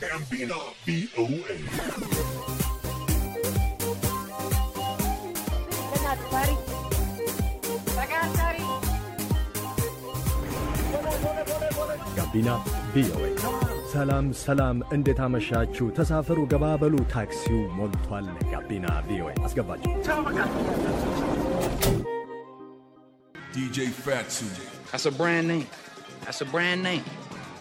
ጋቢና ቪኦኤ ጋቢና ቪኦኤ። ሰላም ሰላም፣ እንዴት አመሻችሁ? ተሳፈሩ፣ ገባበሉ፣ ታክሲው ሞልቷል። ጋቢና ቪኦኤ አስገባችሁ። ዲጄ ፋትሱ ስ ብራንድ ኔም ስ ብራንድ ኔም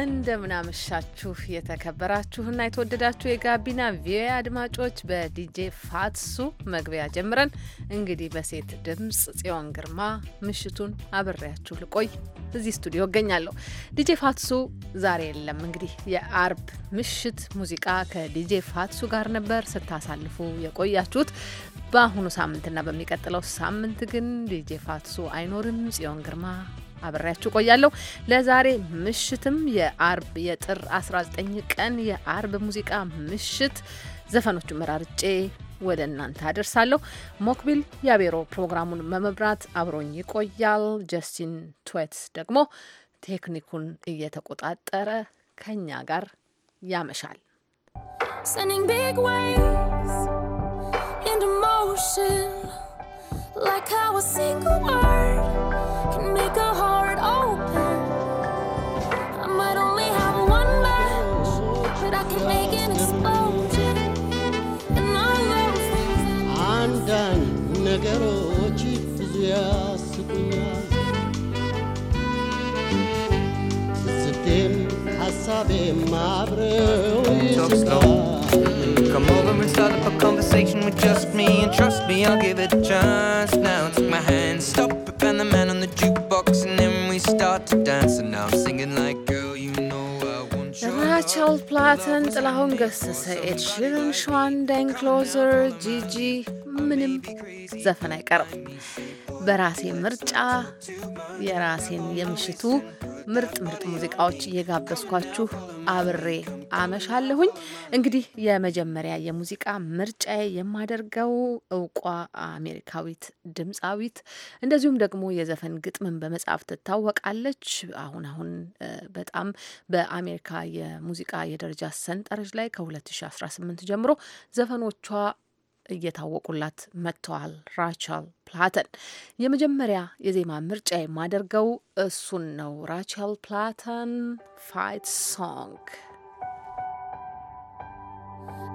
እንደምናመሻችሁ የተከበራችሁና የተወደዳችሁ የጋቢና ቪኦኤ አድማጮች፣ በዲጄ ፋትሱ መግቢያ ጀምረን እንግዲህ በሴት ድምፅ ጽዮን ግርማ ምሽቱን አብሬያችሁ ልቆይ እዚህ ስቱዲዮ እገኛለሁ። ዲጄ ፋትሱ ዛሬ የለም። እንግዲህ የአርብ ምሽት ሙዚቃ ከዲጄ ፋትሱ ጋር ነበር ስታሳልፉ የቆያችሁት። በአሁኑ ሳምንትና በሚቀጥለው ሳምንት ግን ዲጄ ፋትሱ አይኖርም። ጽዮን ግርማ አብሬያችሁ ቆያለሁ። ለዛሬ ምሽትም የአርብ የጥር 19 ቀን የአርብ ሙዚቃ ምሽት ዘፈኖቹን መራርጬ ወደ እናንተ አደርሳለሁ። ሞክቢል ያቤሮ ፕሮግራሙን መመብራት አብሮኝ ይቆያል። ጀስቲን ትዌትስ ደግሞ ቴክኒኩን እየተቆጣጠረ ከኛ ጋር ያመሻል። like how a single word can make a heart Talk slow. Come over and start up a conversation with just me And trust me, I'll give it a chance Now take my hand, stop it, and the man on the jukebox And then we start to dance And now I'm singing like girl, you know I want you the ፕላተን፣ ጥላሁን say it, ሺረን፣ ሸዋን ዳይን፣ Closer, Gigi. ምንም ዘፈን አይቀርም። በራሴ ምርጫ የራሴን የምሽቱ ምርጥ ምርጥ ሙዚቃዎች እየጋበዝኳችሁ አብሬ አመሻለሁኝ። እንግዲህ የመጀመሪያ የሙዚቃ ምርጫ የማደርገው እውቋ አሜሪካዊት ድምፃዊት እንደዚሁም ደግሞ የዘፈን ግጥምን በመጻፍ ትታወቃለች። አሁን አሁን በጣም በአሜሪካ የሙዚቃ የደረጃ ሰንጠረዥ ላይ ከ2018 ጀምሮ ዘፈኖቿ እየታወቁላት መጥተዋል። ራቸል ፕላተን የመጀመሪያ የዜማ ምርጫ የማደርገው እሱን ነው። ራቸል ፕላተን ፋይት ሶንግ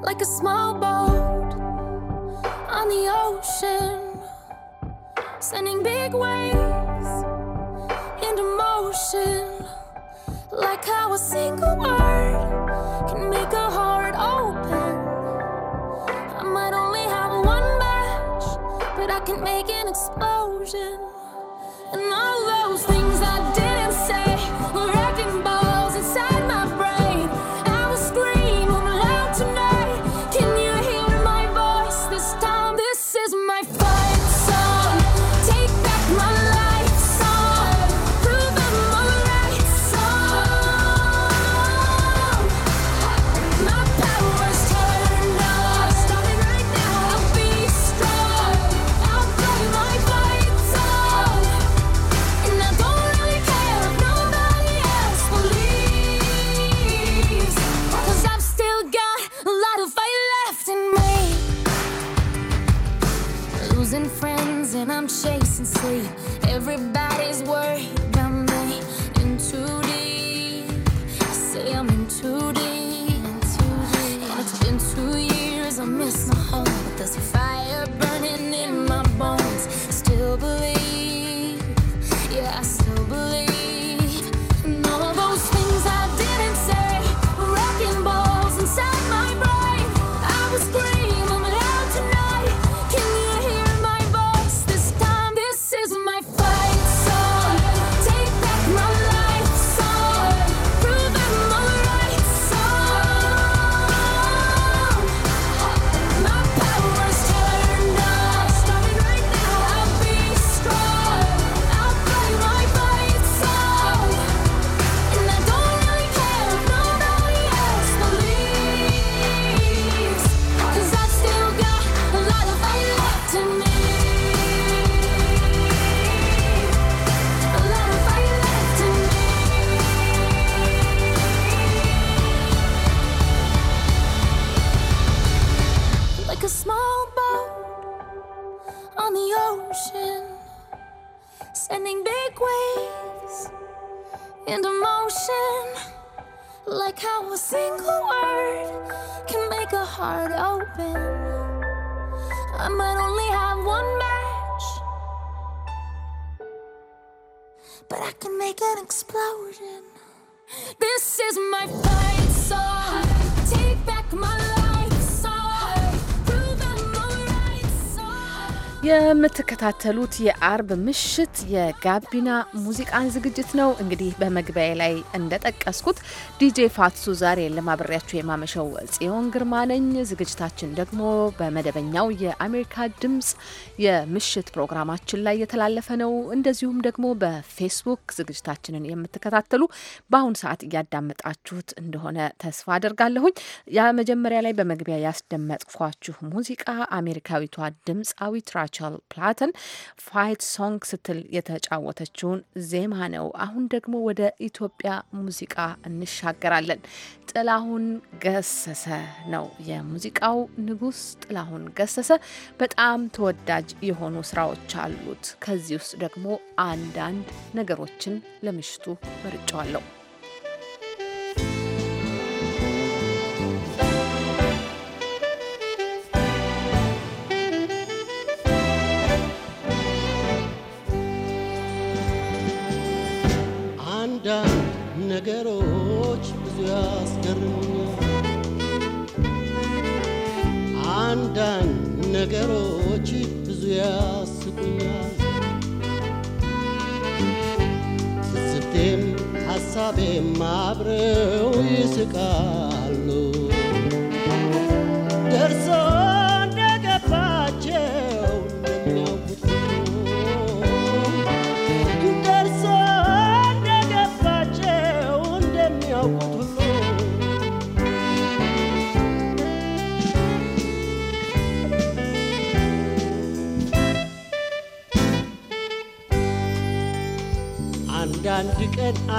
Like a small boat on the ocean Sending big waves into motion Like how a single word can make a can make an explosion. And all those things. And emotion, like how a single word can make a heart open i might only have one match but i can make an explosion this is my fight song take back my life የምትከታተሉት የአርብ ምሽት የጋቢና ሙዚቃን ዝግጅት ነው። እንግዲህ በመግቢያ ላይ እንደጠቀስኩት ዲጄ ፋትሱ ዛሬ ለማብሬያችሁ የማመሸው ጽዮን ግርማ ነኝ። ዝግጅታችን ደግሞ በመደበኛው የአሜሪካ ድምጽ የምሽት ፕሮግራማችን ላይ የተላለፈ ነው። እንደዚሁም ደግሞ በፌስቡክ ዝግጅታችንን የምትከታተሉ በአሁኑ ሰዓት እያዳመጣችሁት እንደሆነ ተስፋ አደርጋለሁኝ። መጀመሪያ ላይ በመግቢያ ያስደመጥኳችሁ ሙዚቃ አሜሪካዊቷ ድምፃዊ ትራች ራቸል ፕላተን ፋይት ሶንግ ስትል የተጫወተችውን ዜማ ነው። አሁን ደግሞ ወደ ኢትዮጵያ ሙዚቃ እንሻገራለን። ጥላሁን ገሰሰ ነው የሙዚቃው ንጉስ። ጥላሁን ገሰሰ በጣም ተወዳጅ የሆኑ ስራዎች አሉት። ከዚህ ውስጥ ደግሞ አንዳንድ ነገሮችን ለምሽቱ መርጫዋለሁ። ነገሮች ብዙ ያስገርሙኛል። አንዳንድ ነገሮች ብዙ ያስቁኛል። ትዝብቴም ሀሳቤም አብረው ይስቃል።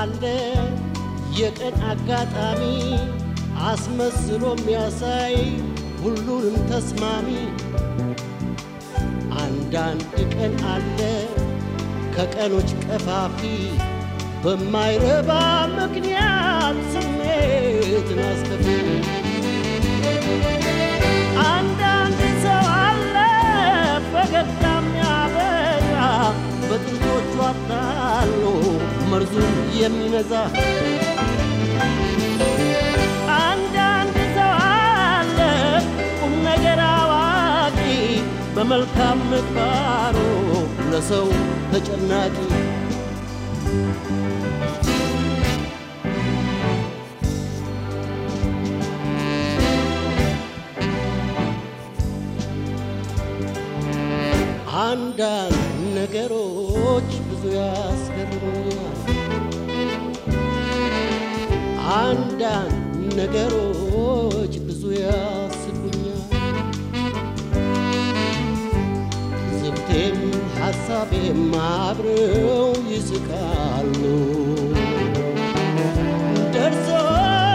አለ የቀን አጋጣሚ አስመስሎ የሚያሳይ ሁሉንም ተስማሚ። አንዳንድ ቀን አለ ከቀኖች ቀፋፊ በማይረባ ምክንያት ስሜት ናስከፊ አንዳንድ ሰው አለ ፈገግታ የሚያበራ በጥንቶቹ አለ መርዙ የሚነዛ አንዳንድ ሰው አለ ቁም ነገር አዋቂ በመልካም ምግባሩ ለሰው ተጨናቂ አንዳንድ ነገሮች ብዙ ያስ አንዳንድ ነገሮች ብዙ ያስቡኛል። ዝብቴም ሐሳቤም አብረው ይስቃሉ። ደርሶ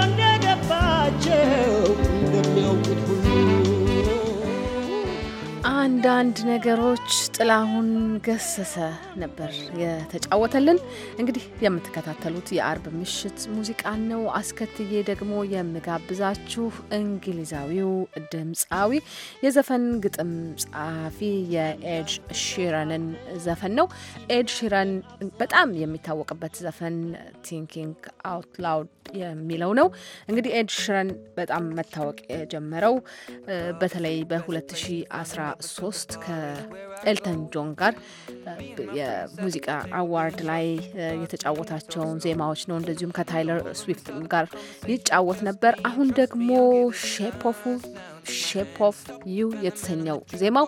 እንደገባቸው እንደሚያውቁት ሁሉ አንዳንድ ነገሮች ጥላሁን ገሰሰ ነበር የተጫወተልን። እንግዲህ የምትከታተሉት የአርብ ምሽት ሙዚቃን ነው። አስከትዬ ደግሞ የምጋብዛችሁ እንግሊዛዊው ድምፃዊ የዘፈን ግጥም ጸሐፊ የኤድ ሺረንን ዘፈን ነው። ኤድ ሺረን በጣም የሚታወቅበት ዘፈን ቲንኪንግ አውት ላውድ የሚለው ነው። እንግዲህ ኤድ ሽረን በጣም መታወቅ የጀመረው በተለይ በ2013 ከኤልተን ጆን ጋር የሙዚቃ አዋርድ ላይ የተጫወታቸውን ዜማዎች ነው። እንደዚሁም ከታይለር ስዊፍት ጋር ይጫወት ነበር። አሁን ደግሞ ሼፕ ኦፍ ሼፕ ኦፍ ዩ የተሰኘው ዜማው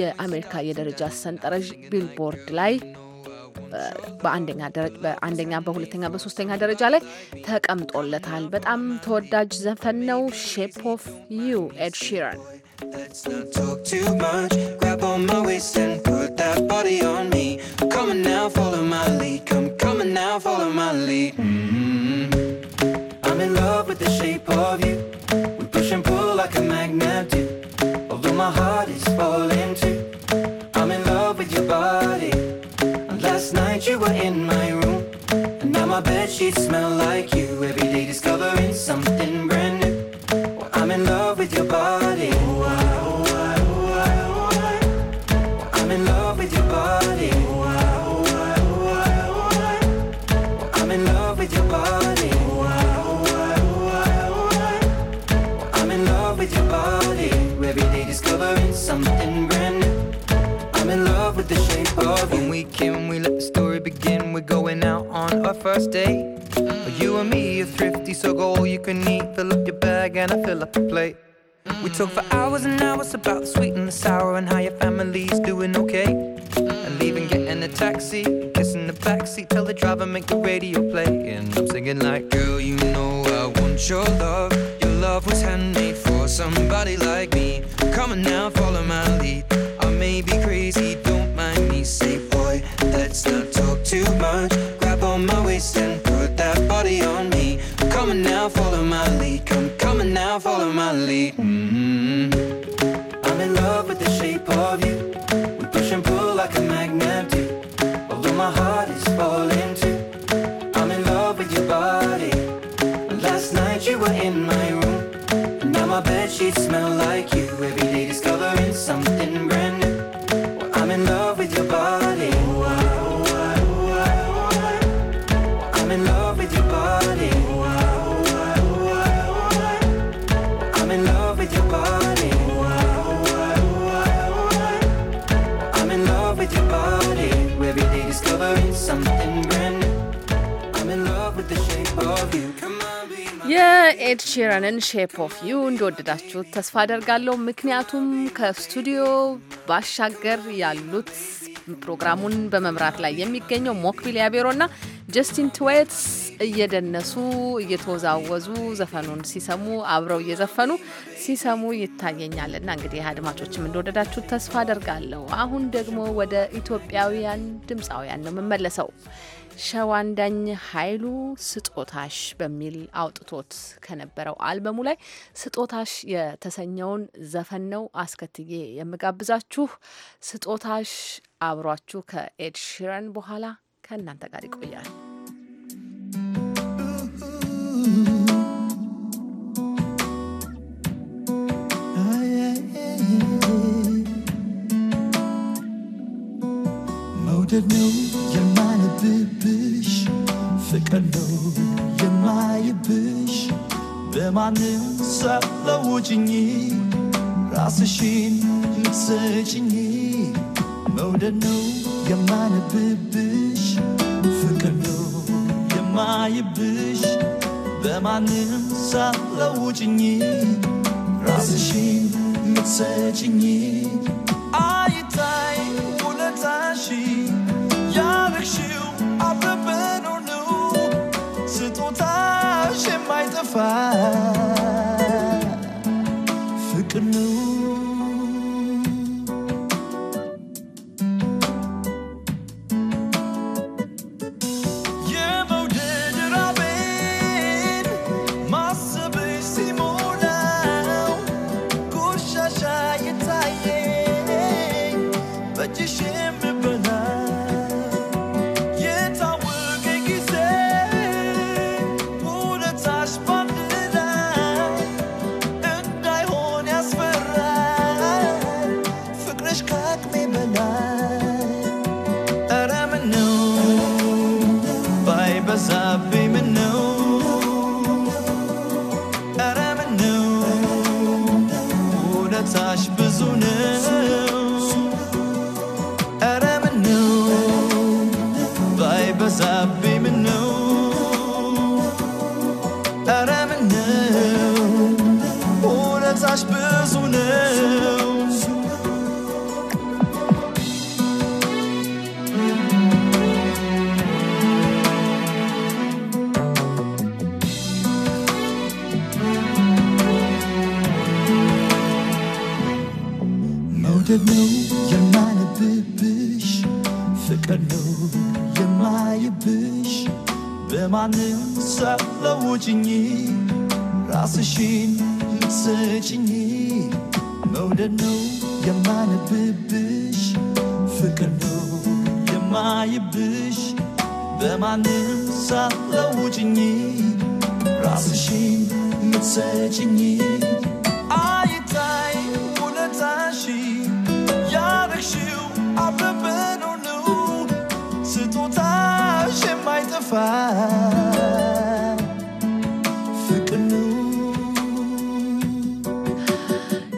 የአሜሪካ የደረጃ ሰንጠረዥ ቢልቦርድ ላይ በአንደኛ በሁለተኛ በሶስተኛ ደረጃ ላይ ተቀምጦለታል። በጣም ተወዳጅ ዘፈን ነው። ሼፕ ኦፍ ዩ ኤድ ሺረን sheets smell like you. Every day discovering something fill up a plate. We talk for hours and hours about the sweet and the sour and how your family's doing okay. And leaving, getting a taxi, kissing the backseat, tell the driver make the radio play. And I'm singing like, girl, you know I want your love. Your love was handmade for somebody like me. Come on now, follow my lead. ኤድ ሺረንን ሼፕ ኦፍ ዩ እንደወደዳችሁት ተስፋ አደርጋለሁ። ምክንያቱም ከስቱዲዮ ባሻገር ያሉት ፕሮግራሙን በመምራት ላይ የሚገኘው ሞክቢል ያቤሮና ጀስቲን ትዌትስ እየደነሱ እየተወዛወዙ ዘፈኑን ሲሰሙ አብረው እየዘፈኑ ሲሰሙ ይታየኛልና እንግዲህ አድማጮችም እንደወደዳችሁት ተስፋ አደርጋለሁ። አሁን ደግሞ ወደ ኢትዮጵያውያን ድምፃውያን ነው የምመለሰው። ሸዋንዳኝ ኃይሉ ስጦታሽ በሚል አውጥቶት ከነበረው አልበሙ ላይ ስጦታሽ የተሰኘውን ዘፈን ነው አስከትዬ የምጋብዛችሁ። ስጦታሽ አብሯችሁ ከኤድ ሽረን በኋላ ከእናንተ ጋር ይቆያል። መውደድ ነው ያንን ሰለውጭኝ ራስሽን ምሰጭኝ መውደድ ነው የማነብብሽ ፍቅር ነው የማይብሽ በማንም ሰለውጭኝ ራስሽን ምሰጭኝ afternoon полутени, раз ищи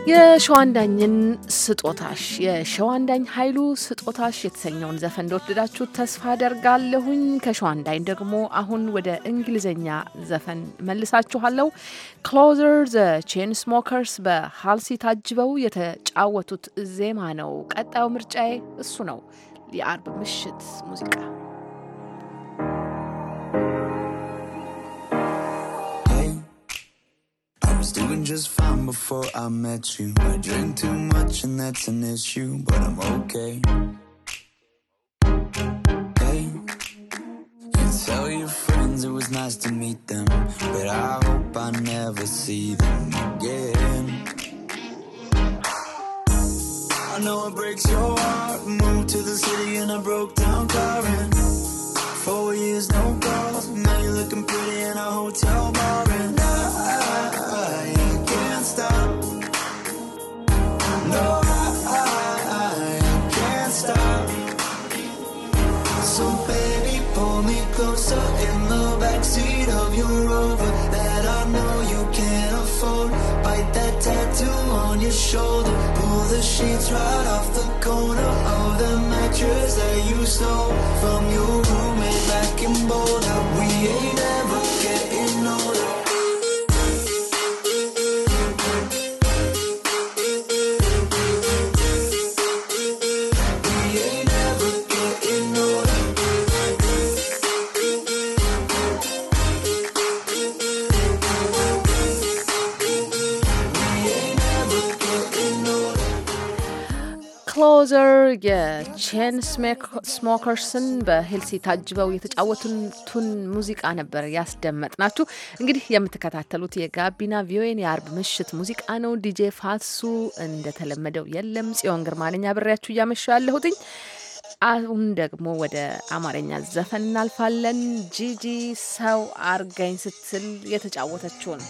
የሸዋንዳኝን ስጦታሽ የሸዋንዳኝ ኃይሉ ስጦታሽ የተሰኘውን ዘፈን እንደወደዳችሁ ተስፋ አደርጋለሁኝ። ከሸዋንዳኝ ደግሞ አሁን ወደ እንግሊዝኛ ዘፈን መልሳችኋለሁ። ክሎዘር ዘ ቼን ስሞከርስ በሃልሲ ታጅበው የተጫወቱት ዜማ ነው። ቀጣዩ ምርጫዬ እሱ ነው። የአርብ ምሽት ሙዚቃ just fine before I met you. I drink too much and that's an issue, but I'm okay. Hey, you tell your friends it was nice to meet them, but I hope I never see them again. I know it breaks your heart. Moved to the city in a broke down car. And four years, no calls. Now you're looking pretty in a hotel. sheets right off the corner of the mattress that you stole from your roommate back in Boulder. We ain't የቼን ስሞከርስን በሄልሲ ታጅበው የተጫወቱትን ሙዚቃ ነበር ያስደመጥ ናችሁ። እንግዲህ የምትከታተሉት የጋቢና ቪዮኤን የአርብ ምሽት ሙዚቃ ነው። ዲጄ ፋሱ እንደተለመደው የለም። ጽዮን ግርማነኛ ብሬያችሁ እያመሸው ያለሁትኝ። አሁን ደግሞ ወደ አማርኛ ዘፈን እናልፋለን። ጂጂ ሰው አርጋኝ ስትል የተጫወተችውን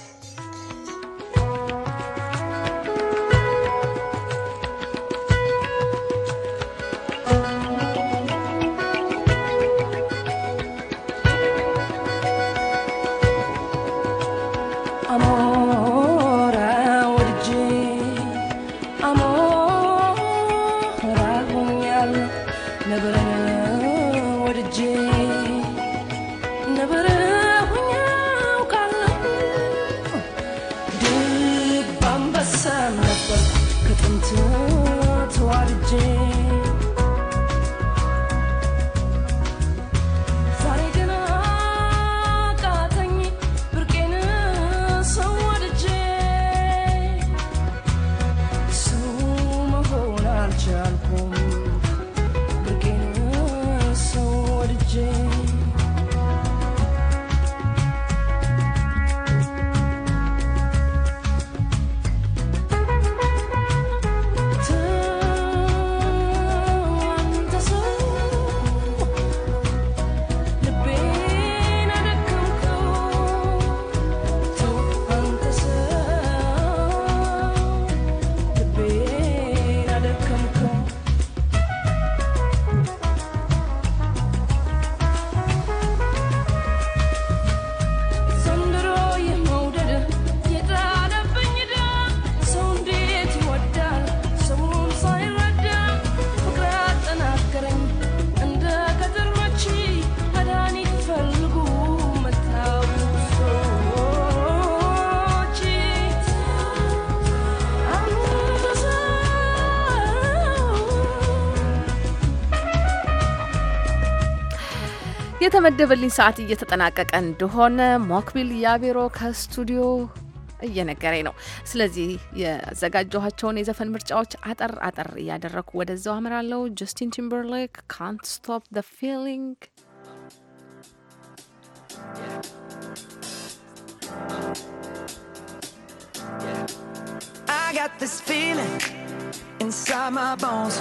የተመደበልኝ ሰዓት እየተጠናቀቀ እንደሆነ ሞክቢል ያቤሮ ከስቱዲዮ እየነገረኝ ነው። ስለዚህ የዘጋጀኋቸውን የዘፈን ምርጫዎች አጠር አጠር እያደረግኩ ወደዛው አምራለሁ። ጀስቲን ቲምበርሌክ ካንት ስቶፕ ዘ ፊሊንግ I got this feeling inside my bones.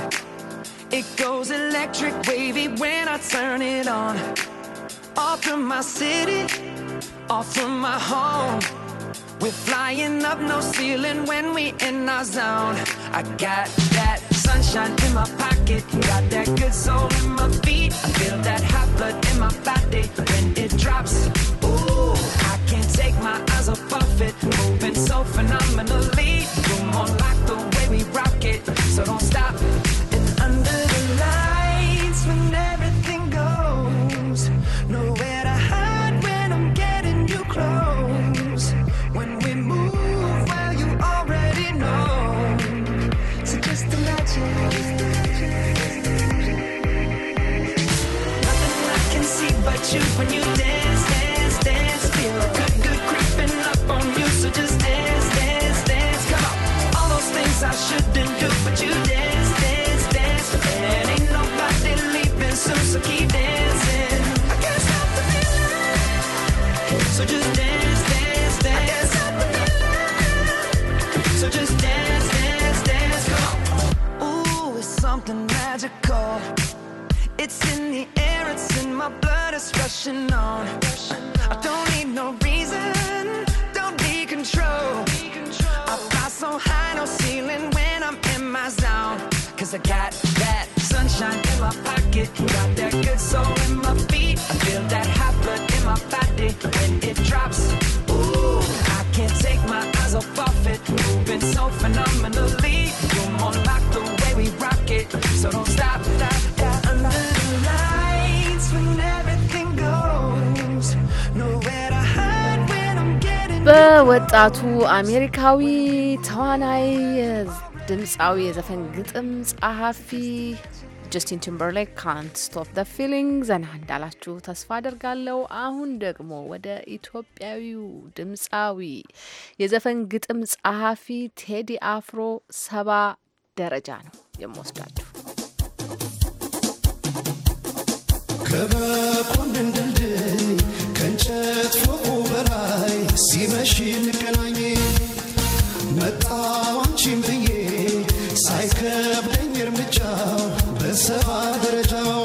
It goes electric wavy when I turn it on. Off from my city, off from my home. We're flying up no ceiling when we in our zone. I got that sunshine in my pocket, got that good soul in my feet. I feel that hot blood in my body when it drops. Ooh, I can't take my eyes off it, moving so phenomenally. Come on, like the way we rock it, so don't stop. is rushing on. I don't need no reason, don't be control. I fly so high, no ceiling when I'm in my zone. Cause I got that sunshine in my pocket, got that good soul in my feet. I feel that hot blood in my body when it drops. Ooh, I can't take my eyes off of it, moving so phenomenally. You're more like the way we rock it, so don't stop, stop. በወጣቱ አሜሪካዊ ተዋናይ ድምፃዊ የዘፈን ግጥም ጸሐፊ ጀስቲን ቲምበርሌክ ካንት ስቶፕ ደ ፊሊንግ ዘና እንዳላችሁ ተስፋ አደርጋለሁ። አሁን ደግሞ ወደ ኢትዮጵያዊው ድምፃዊ የዘፈን ግጥም ጸሐፊ ቴዲ አፍሮ ሰባ ደረጃ ነው የምወስዳችሁ። ከበቆ ከእንጨት ፎቁ በላይ ሲመሽ እንገናኝ መጣው አንቺን ብዬ ሳይከብደኝ እርምጃው በሰባ ደረጃው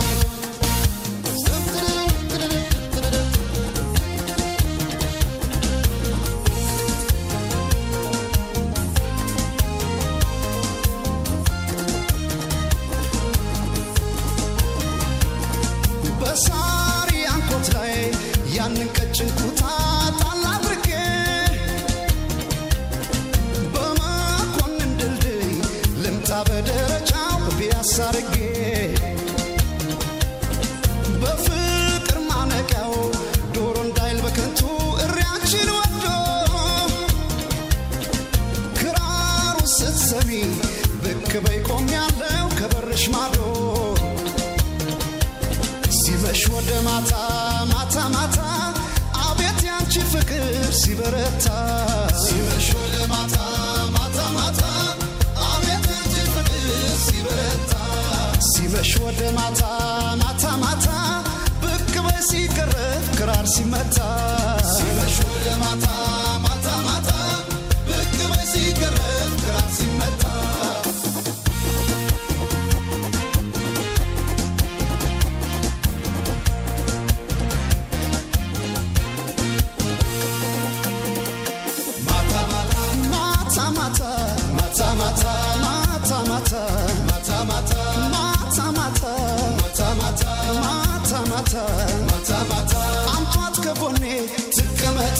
ቅመስ አድርጌ በፍቅር ማነቂያው ዶሮ እንዳይል በከንቱ እሪያችን ወዶ ክራሩ ስትሰሚ ብቅ በይ ቆም ያለው ከበርሽ ማዶ ሲመሽ ወደ ማታ ማታ ማታ አቤት ያንቺ ፍቅር ሲበረታ ሲመሽ ወደ ማታ ማታ ማታ ብቅ በይ ክራር ሲመታ ማታ ማታ አንቷት ከጎኔ ትቀመጥ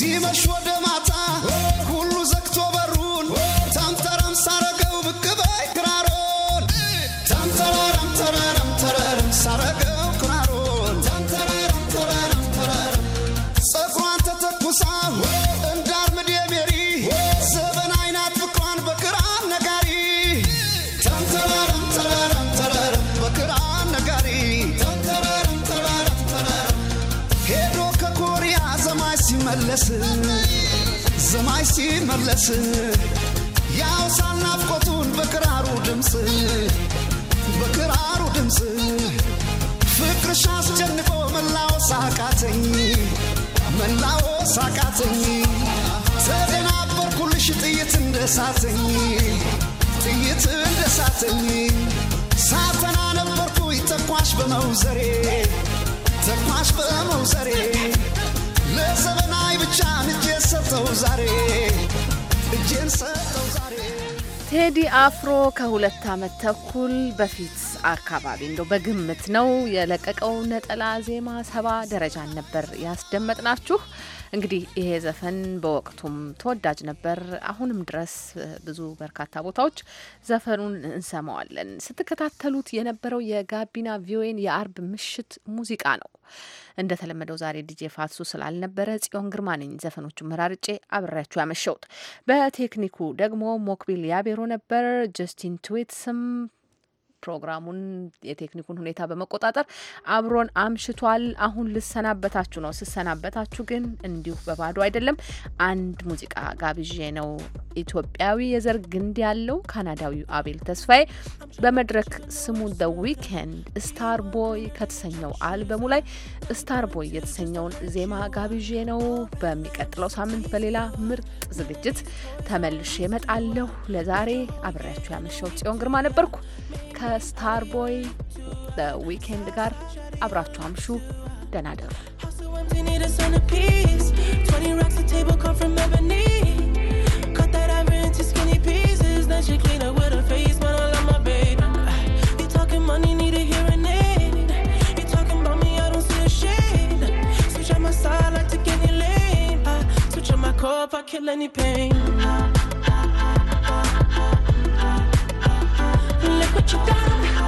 ሲመሽ ወደ ማታ ድረስ ያውሳል ናፍቆቱን በክራሩ ድምፅ በክራሩ ድምፅ ፍቅርሽ አስጨንቆ መላወስ አቃተኝ መላወስ አቃተኝ ተደናበርኩልሽ ጥይት እንደሳተኝ ጥይት እንደሳተኝ ሳተና ነበርኩኝ ተኳሽ በመውዘሬ ተኳሽ በመውዘሬ ለዘመናይ ብቻ ንጄ ሰጠው ዛሬ ቴዲ አፍሮ ከሁለት ዓመት ተኩል በፊት አካባቢ እንደው በግምት ነው የለቀቀው ነጠላ ዜማ ሰባ ደረጃን ነበር ያስደመጥናችሁ። እንግዲህ ይሄ ዘፈን በወቅቱም ተወዳጅ ነበር። አሁንም ድረስ ብዙ በርካታ ቦታዎች ዘፈኑን እንሰማዋለን። ስትከታተሉት የነበረው የጋቢና ቪኦኤን የአርብ ምሽት ሙዚቃ ነው። እንደተለመደው ዛሬ ዲጄ ፋትሱ ስላልነበረ ጽዮን ግርማ ነኝ ዘፈኖቹ መራርጬ አብሬያችሁ ያመሸውት። በቴክኒኩ ደግሞ ሞክቢል ያቤሮ ነበር። ጀስቲን ትዊትስም ፕሮግራሙን የቴክኒኩን ሁኔታ በመቆጣጠር አብሮን አምሽቷል። አሁን ልሰናበታችሁ ነው። ስሰናበታችሁ ግን እንዲሁ በባዶ አይደለም። አንድ ሙዚቃ ጋብዤ ነው። ኢትዮጵያዊ የዘር ግንድ ያለው ካናዳዊው አቤል ተስፋዬ በመድረክ ስሙ ደ ዊኬንድ ስታር ቦይ ከተሰኘው አልበሙ ላይ ስታር ቦይ የተሰኘውን ዜማ ጋብዤ ነው። በሚቀጥለው ሳምንት በሌላ ምርጥ ዝግጅት ተመልሼ እመጣለሁ። ለዛሬ አብሬያችሁ ያመሸሁት ጽዮን ግርማ ነበርኩ። ከስታር ቦይ በዊኬንድ ጋር አብራችሁ አምሹ። ደህና ደሩ። I kill any pain Put you got.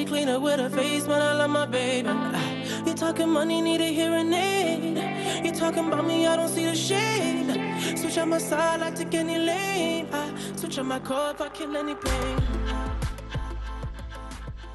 she clean up with her face, but I love my baby. You talking money, need a hearing aid. You talking about me, I don't see the shade. Switch on my side, I like take any lane. I switch on my car if I kill any pain.